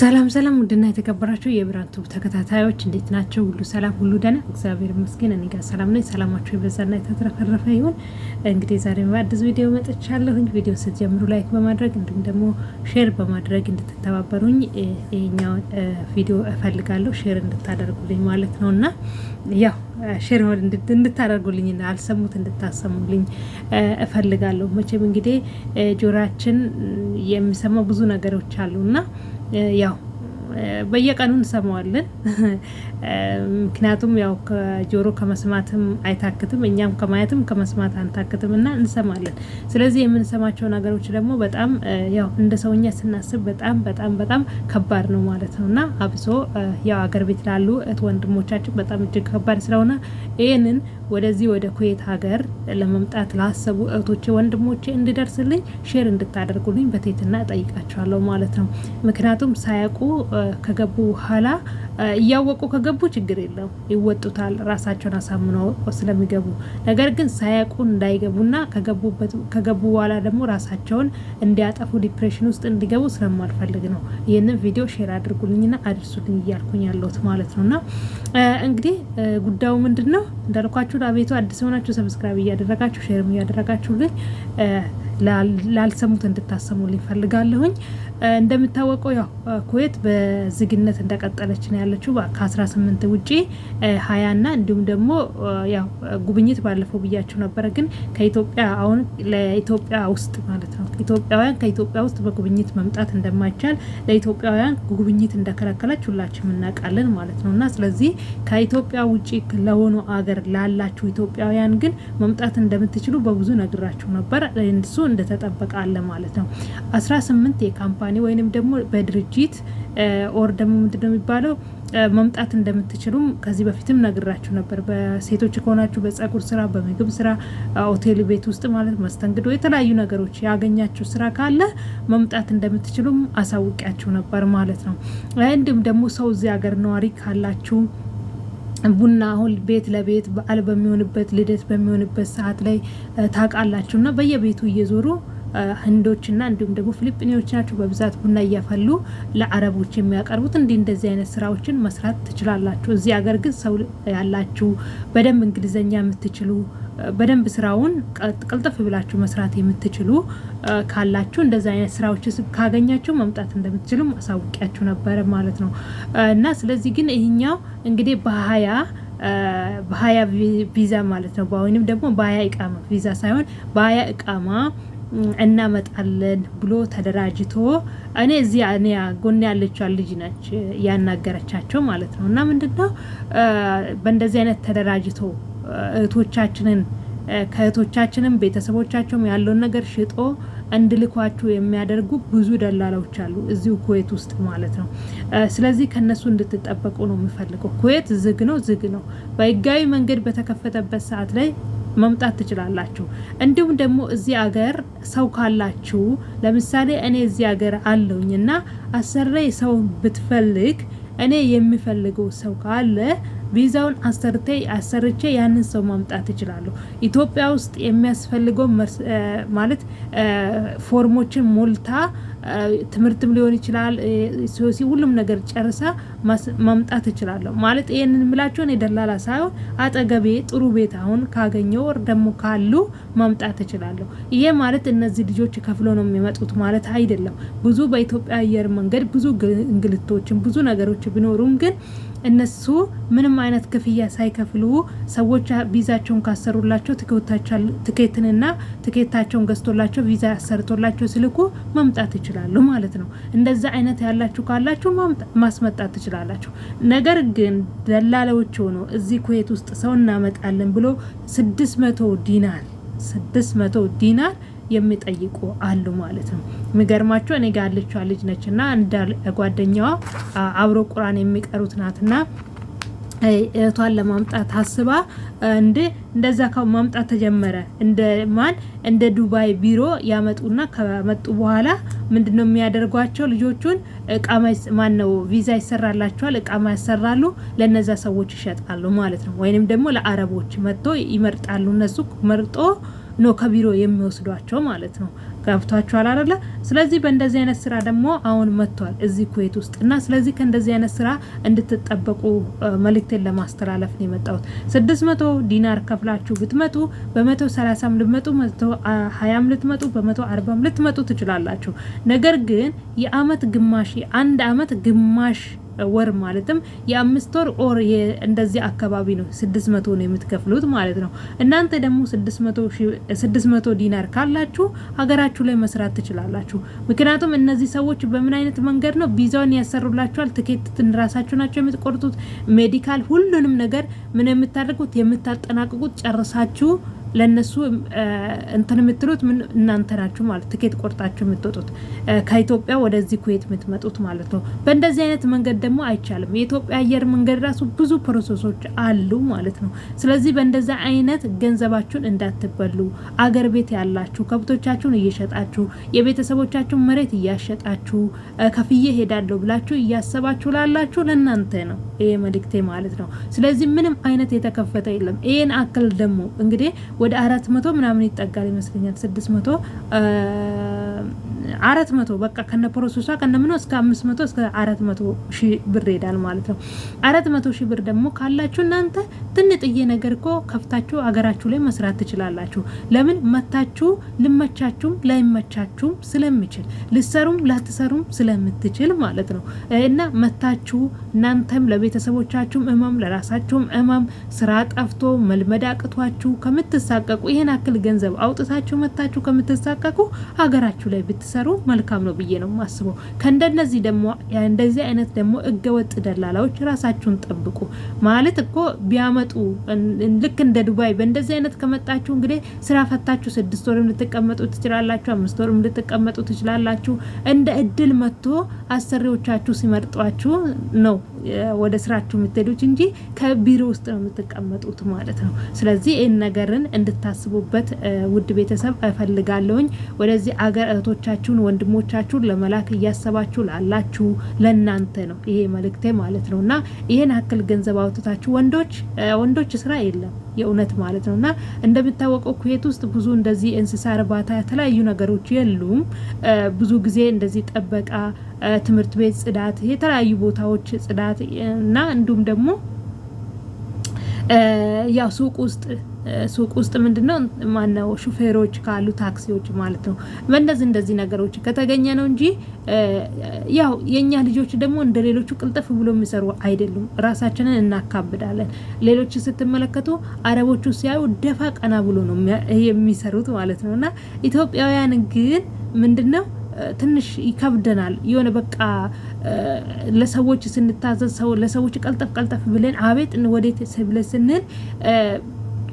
ሰላም ሰላም፣ ውድና የተከበራችሁ የብራንቱ ተከታታዮች እንዴት ናቸው? ሁሉ ሰላም፣ ሁሉ ደህና፣ እግዚአብሔር ይመስገን። እኔ ጋር ሰላም ነኝ። ሰላማችሁ የበዛና የተትረፈረፈ ይሁን። እንግዲህ ዛሬ በአዲስ ቪዲዮ መጥቻለሁ። ቪዲዮ ስትጀምሩ ላይክ በማድረግ እንዲሁም ደግሞ ሼር በማድረግ እንድትተባበሩኝ ይሄኛው ቪዲዮ እፈልጋለሁ፣ ሼር እንድታደርጉልኝ ማለት ነው እና ያው ሼር እንድታደርጉልኝ አልሰሙት እንድታሰሙልኝ እፈልጋለሁ። መቼም እንግዲህ ጆሮአችን የሚሰማው ብዙ ነገሮች አሉ እና 要。በየቀኑ እንሰማዋለን። ምክንያቱም ያው ከጆሮ ከመስማትም አይታክትም፣ እኛም ከማየትም ከመስማት አንታክትም እና እንሰማለን። ስለዚህ የምንሰማቸው ነገሮች ደግሞ በጣም ያው እንደ ሰውኛ ስናስብ በጣም በጣም በጣም ከባድ ነው ማለት ነው እና አብሶ ያው አገር ቤት ላሉ እህት ወንድሞቻችን በጣም እጅግ ከባድ ስለሆነ ይህንን ወደዚህ ወደ ኩዌት ሀገር ለመምጣት ላሰቡ እህቶቼ ወንድሞቼ እንድደርስልኝ ሼር እንድታደርጉልኝ በትህትና እጠይቃቸዋለሁ ማለት ነው ምክንያቱም ሳያውቁ ከገቡ በኋላ እያወቁ ከገቡ ችግር የለም ይወጡታል፣ ራሳቸውን አሳምነው ስለሚገቡ። ነገር ግን ሳያውቁ እንዳይገቡና ከገቡ በኋላ ደግሞ ራሳቸውን እንዲያጠፉ ዲፕሬሽን ውስጥ እንዲገቡ ስለማልፈልግ ነው ይህንን ቪዲዮ ሼር አድርጉልኝና አድርሱልኝ እያልኩኝ ያለሁት ማለት ነው። እና እንግዲህ ጉዳዩ ምንድን ነው እንዳልኳችሁ፣ ለቤቱ አዲስ የሆናችሁ ሰብስክራይብ እያደረጋችሁ ሼርም እያደረጋችሁልኝ ላልሰሙት እንድታሰሙልኝ ፈልጋለሁኝ። እንደምታወቀው ያው ኩዌት በዝግነት እንደቀጠለች ነው ያለችው። ከ18 ውጪ ሀያና እንዲሁም ደግሞ ያው ጉብኝት ባለፈው ብያችሁ ነበረ። ግን ከኢትዮጵያ አሁን ለኢትዮጵያ ውስጥ ማለት ነው ኢትዮጵያውያን ከኢትዮጵያ ውስጥ በጉብኝት መምጣት እንደማይቻል ለኢትዮጵያውያን ጉብኝት እንደከለከለች ሁላችንም እናውቃለን ማለት ነው። እና ስለዚህ ከኢትዮጵያ ውጪ ለሆኑ አገር ላላችሁ ኢትዮጵያውያን ግን መምጣት እንደምትችሉ በብዙ ነግራችሁ ነበር። እሱ እንደተጠበቃለ ማለት ነው 18 የካምፓ ካምፓኒ ወይንም ደግሞ በድርጅት ኦር ደግሞ ምንድነው የሚባለው መምጣት እንደምትችሉም ከዚህ በፊትም ነግራችሁ ነበር። በሴቶች ከሆናችሁ በጸጉር ስራ፣ በምግብ ስራ፣ ሆቴል ቤት ውስጥ ማለት መስተንግዶ፣ የተለያዩ ነገሮች ያገኛችሁ ስራ ካለ መምጣት እንደምትችሉም አሳውቂያችሁ ነበር ማለት ነው። እንዲሁም ደግሞ ሰው እዚህ ሀገር ነዋሪ ካላችሁ ቡና አሁን ቤት ለቤት በዓል በሚሆንበት ልደት በሚሆንበት ሰዓት ላይ እና በየቤቱ እየዞሩ ህንዶችና እንዲሁም ደግሞ ፊሊጲኒዎች ናቸው በብዛት ቡና እያፈሉ ለአረቦች የሚያቀርቡት። እንዲህ እንደዚህ አይነት ስራዎችን መስራት ትችላላችሁ። እዚህ ሀገር ግን ሰው ያላችሁ በደንብ እንግሊዘኛ የምትችሉ በደንብ ስራውን ቅልጥፍ ብላችሁ መስራት የምትችሉ ካላችሁ እንደዚ አይነት ስራዎች ካገኛችሁ መምጣት እንደምትችሉ አሳውቂያችሁ ነበረ ማለት ነው። እና ስለዚህ ግን ይህኛው እንግዲህ በሀያ በሀያ ቪዛ ማለት ነው ወይንም ደግሞ በሀያ እቃማ ቪዛ ሳይሆን በሀያ እቃማ እናመጣለን ብሎ ተደራጅቶ እኔ እዚህ እኔ ጎን ያለችዋን ልጅ ነች ያናገረቻቸው ማለት ነው። እና ምንድን ነው በእንደዚህ አይነት ተደራጅቶ እህቶቻችንን ከእህቶቻችንም ቤተሰቦቻቸውም ያለውን ነገር ሽጦ እንድልኳችሁ የሚያደርጉ ብዙ ደላላዎች አሉ እዚሁ ኩዌት ውስጥ ማለት ነው። ስለዚህ ከነሱ እንድትጠበቁ ነው የሚፈልገው። ኩዌት ዝግ ነው ዝግ ነው። በህጋዊ መንገድ በተከፈተበት ሰዓት ላይ መምጣት ትችላላችሁ። እንዲሁም ደግሞ እዚህ አገር ሰው ካላችሁ ለምሳሌ እኔ እዚህ አገር አለውኝ እና አሰሪ ሰው ብትፈልግ እኔ የሚፈልገው ሰው ካለ ቪዛውን አሰርቴ አሰርቼ ያንን ሰው ማምጣት እችላለሁ። ኢትዮጵያ ውስጥ የሚያስፈልገው ማለት ፎርሞችን ሞልታ ትምህርትም ሊሆን ይችላል። ሶሲ ሁሉም ነገር ጨርሳ ማምጣት እችላለሁ ማለት ይህንን ምላቸውን የደላላ ሳይሆን አጠገቤ ጥሩ ቤት አሁን ካገኘው ወር ደግሞ ካሉ ማምጣት እችላለሁ። ይሄ ማለት እነዚህ ልጆች ከፍሎ ነው የሚመጡት ማለት አይደለም። ብዙ በኢትዮጵያ አየር መንገድ ብዙ እንግልቶችን ብዙ ነገሮች ቢኖሩም ግን እነሱ ምንም አይነት ክፍያ ሳይከፍሉ ሰዎች ቪዛቸውን ካሰሩላቸው ትኬትንና ትኬታቸውን ገዝቶላቸው ቪዛ አሰርቶላቸው ስልኩ መምጣት ይችላል። ይችላሉ ማለት ነው። እንደዛ አይነት ያላችሁ ካላችሁ ማስመጣት ትችላላችሁ። ነገር ግን ደላላዎች ሆኖ እዚህ ኩዌት ውስጥ ሰው እናመጣለን ብሎ ስድስት መቶ ዲናር ስድስት መቶ ዲናር የሚጠይቁ አሉ ማለት ነው። የሚገርማቸው እኔ ጋር ያለችዋ ልጅ ነች እና እንደ ጓደኛዋ አብሮ ቁራን የሚቀሩት ናትና እህቷን ለማምጣት አስባ እንደ እንደዛ ማምጣት ተጀመረ። እንደ ማን እንደ ዱባይ ቢሮ ያመጡና ከመጡ በኋላ ምንድነው የሚያደርጓቸው? ልጆቹን እቃማ ማን ነው ቪዛ ይሰራላቸዋል፣ እቃማ ያሰራሉ፣ ለነዛ ሰዎች ይሸጣሉ ማለት ነው። ወይንም ደግሞ ለአረቦች መጥቶ ይመርጣሉ። እነሱ መርጦ ነው ከቢሮ የሚወስዷቸው ማለት ነው። ገብቷቸዋል አይደለ? ስለዚህ በእንደዚህ አይነት ስራ ደግሞ አሁን መጥቷል እዚህ ኩዌት ውስጥ እና ስለዚህ ከእንደዚህ አይነት ስራ እንድትጠበቁ መልእክቴን ለማስተላለፍ ነው የመጣሁት። ስድስት መቶ ዲናር ከፍላችሁ ብትመጡ በመቶ ሰላሳም ልትመጡ መቶ ሀያም ልትመጡ በመቶ አርባም ልትመጡ ትችላላችሁ። ነገር ግን የአመት ግማሽ የአንድ አመት ግማሽ ወር ማለትም የአምስት ወር ኦር እንደዚህ አካባቢ ነው። ስድስት መቶ ነው የምትከፍሉት ማለት ነው። እናንተ ደግሞ ስድስት መቶ ዲናር ካላችሁ ሀገራችሁ ላይ መስራት ትችላላችሁ። ምክንያቱም እነዚህ ሰዎች በምን አይነት መንገድ ነው ቪዛውን ያሰሩላችኋል። ትኬትን ራሳችሁ ናቸው የምትቆርጡት፣ ሜዲካል፣ ሁሉንም ነገር ምን የምታደርጉት የምታጠናቅቁት ጨርሳችሁ ለእነሱ እንትን የምትሉት ምን እናንተ ናችሁ ማለት ትኬት ቆርጣችሁ የምትወጡት ከኢትዮጵያ ወደዚህ ኩዌት የምትመጡት ማለት ነው። በእንደዚህ አይነት መንገድ ደግሞ አይቻልም። የኢትዮጵያ አየር መንገድ ራሱ ብዙ ፕሮሰሶች አሉ ማለት ነው። ስለዚህ በእንደዚ አይነት ገንዘባችሁን እንዳትበሉ፣ አገር ቤት ያላችሁ ከብቶቻችሁን እየሸጣችሁ የቤተሰቦቻችሁን መሬት እያሸጣችሁ ከፍዬ ሄዳለሁ ብላችሁ እያሰባችሁ ላላችሁ ለእናንተ ነው። ይሄ መልእክቴ ማለት ነው። ስለዚህ ምንም አይነት የተከፈተ የለም። ይሄን አክል ደግሞ እንግዲህ ወደ አራት መቶ ምናምን ይጠጋል ይመስለኛል ስድስት መቶ አራት መቶ በቃ ከነ ፕሮሰሷ ከነምነው እስከ አምስት መቶ እስከ አራት መቶ ሺ ብር ይሄዳል ማለት ነው። አራት መቶ ሺ ብር ደግሞ ካላችሁ እናንተ ትንጥዬ ነገር እኮ ከፍታችሁ አገራችሁ ላይ መስራት ትችላላችሁ። ለምን መታችሁ ልመቻችሁም ላይመቻችሁም ስለሚችል ልሰሩም ላትሰሩም ስለምትችል ማለት ነው እና መታችሁ እናንተም ለቤተሰቦቻችሁም እማም ለራሳችሁም እማም ስራ ጠፍቶ መልመድ አቅቷችሁ ከምትሳቀቁ ይህን አክል ገንዘብ አውጥታችሁ መታችሁ ከምትሳቀቁ ሀገራችሁ ላይ ብትሰሩ ቢሰሩ መልካም ነው ብዬ ነው ማስበው። ከእንደነዚህ ደግሞ እንደዚህ አይነት ደግሞ ህገወጥ ደላላዎች ራሳችሁን ጠብቁ። ማለት እኮ ቢያመጡ ልክ እንደ ዱባይ በእንደዚህ አይነት ከመጣችሁ እንግዲህ ስራ ፈታችሁ ስድስት ወርም ልትቀመጡ ትችላላችሁ፣ አምስት ወርም ልትቀመጡ ትችላላችሁ። እንደ እድል መጥቶ አሰሪዎቻችሁ ሲመርጧችሁ ነው ወደ ስራችሁ የምትሄዱት እንጂ ከቢሮ ውስጥ ነው የምትቀመጡት ማለት ነው። ስለዚህ ይህን ነገርን እንድታስቡበት ውድ ቤተሰብ እፈልጋለሁኝ። ወደዚህ አገር እህቶቻችሁን ወንድሞቻችሁን ለመላክ እያሰባችሁ ላላችሁ ለእናንተ ነው ይሄ መልእክቴ ማለት ነው እና ይህን ያክል ገንዘብ አውጥታችሁ ወንዶች ወንዶች ስራ የለም የእውነት ማለት ነው እና እንደሚታወቀው ኩዌት ውስጥ ብዙ እንደዚህ እንስሳ እርባታ የተለያዩ ነገሮች የሉም። ብዙ ጊዜ እንደዚህ ጠበቃ ትምህርት ቤት ጽዳት፣ የተለያዩ ቦታዎች ጽዳት እና እንዲሁም ደግሞ ያው ሱቅ ውስጥ ሱቅ ውስጥ ምንድን ነው ማነው ሹፌሮች ካሉ ታክሲዎች ማለት ነው። በእንደዚህ እንደዚህ ነገሮች ከተገኘ ነው እንጂ ያው የእኛ ልጆች ደግሞ እንደ ሌሎቹ ቅልጥፍ ብሎ የሚሰሩ አይደሉም። ራሳችንን እናካብዳለን። ሌሎች ስትመለከቱ አረቦቹ ሲያዩ ደፋ ቀና ብሎ ነው የሚሰሩት ማለት ነው እና ኢትዮጵያውያን ግን ምንድን ነው ትንሽ ይከብደናል። የሆነ በቃ ለሰዎች ስንታዘዝ ለሰዎች ቀልጠፍ ቀልጠፍ ብለን አቤት ወዴት ብለን ስንል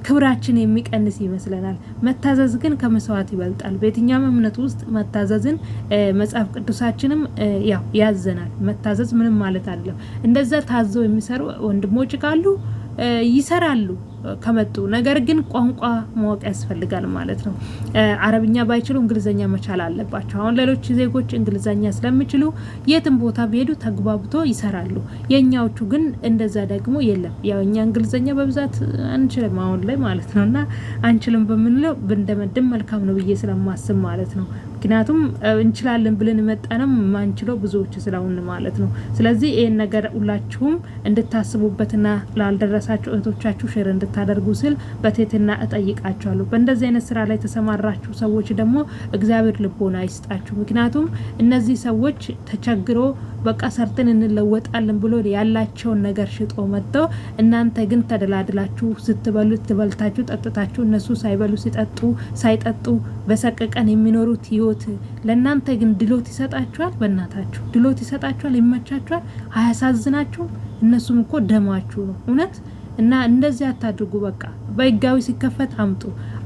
ክብራችን የሚቀንስ ይመስለናል። መታዘዝ ግን ከመስዋዕት ይበልጣል። በየትኛውም እምነት ውስጥ መታዘዝን መጽሐፍ ቅዱሳችንም ያው ያዘናል። መታዘዝ ምንም ማለት አይደለም። እንደዛ ታዘው የሚሰሩ ወንድሞች ካሉ ይሰራሉ ከመጡ ነገር ግን ቋንቋ ማወቅ ያስፈልጋል ማለት ነው። አረብኛ ባይችሉ እንግሊዘኛ መቻል አለባቸው። አሁን ሌሎች ዜጎች እንግሊዘኛ ስለሚችሉ የትም ቦታ ቢሄዱ ተግባብቶ ይሰራሉ። የእኛዎቹ ግን እንደዛ ደግሞ የለም። ያው እኛ እንግሊዘኛ በብዛት አንችልም አሁን ላይ ማለት ነው እና አንችልም በምንለው ብንደመድም መልካም ነው ብዬ ስለማስብ ማለት ነው። ምክንያቱም እንችላለን ብለን መጠንም ማንችለው ብዙዎች ስለሆን ማለት ነው። ስለዚህ ይህን ነገር ሁላችሁም እንድታስቡበትና ላልደረሳችሁ እህቶቻችሁ ሼር እንድታደርጉ ስል በትህትና እጠይቃችኋለሁ። በእንደዚህ አይነት ስራ ላይ የተሰማራችሁ ሰዎች ደግሞ እግዚአብሔር ልቦና ይስጣችሁ። ምክንያቱም እነዚህ ሰዎች ተቸግሮ በቃ ሰርተን እንለወጣለን ብሎ ያላቸውን ነገር ሽጦ መጥተው እናንተ ግን ተደላድላችሁ ስትበሉ ትበልታችሁ ጠጥታችሁ እነሱ ሳይበሉ ሲጠጡ ሳይጠጡ በሰቀቀን የሚኖሩት ህይወት ለእናንተ ግን ድሎት ይሰጣችኋል። በእናታችሁ ድሎት ይሰጣችኋል፣ ይመቻችኋል፣ አያሳዝናችሁም። እነሱም እኮ ደማችሁ ነው እውነት እና እንደዚህ አታድርጉ በቃ በህጋዊ ሲከፈት አምጡ።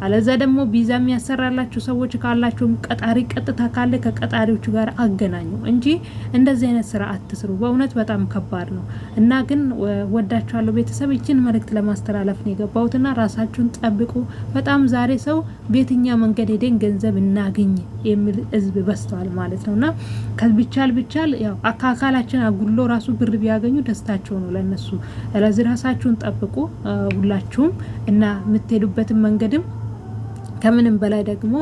አለዛ ደግሞ ቪዛ የሚያሰራላችሁ ሰዎች ካላችሁም ቀጣሪ ቀጥታ ካለ ከቀጣሪዎቹ ጋር አገናኙ እንጂ እንደዚህ አይነት ስራ አትስሩ። በእውነት በጣም ከባድ ነው እና ግን ወዳችኋለሁ ቤተሰብ። ይችን መልእክት ለማስተላለፍ ነው የገባሁትና ራሳችሁን ጠብቁ። በጣም ዛሬ ሰው በየትኛ መንገድ ሄደን ገንዘብ እናገኝ የሚል ህዝብ በስተዋል ማለት እና ከቢቻል ብቻል ያው አጉሎ ራሱ ብር ቢያገኙ ደስታቸው ነው ለነሱ። ለዚህ ራሳችሁን ጠብቁ ሁላችሁም እና የምትሄዱበትን መንገድም ከምንም በላይ ደግሞ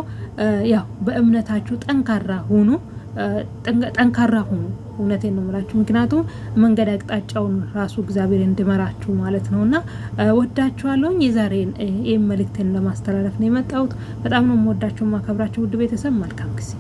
ያው በእምነታችሁ ጠንካራ ሁኑ፣ ጠንካራ ሁኑ። እውነቴን ነው የምላችሁ። ምክንያቱም መንገድ አቅጣጫውን ራሱ እግዚአብሔር እንድመራችሁ ማለት ነው እና ወዳችኋለሁኝ። የዛሬን ይህን መልእክትን ለማስተላለፍ ነው የመጣሁት። በጣም ነው የምወዳችሁ ማከብራችሁ ውድ ቤተሰብ መልካም ጊዜ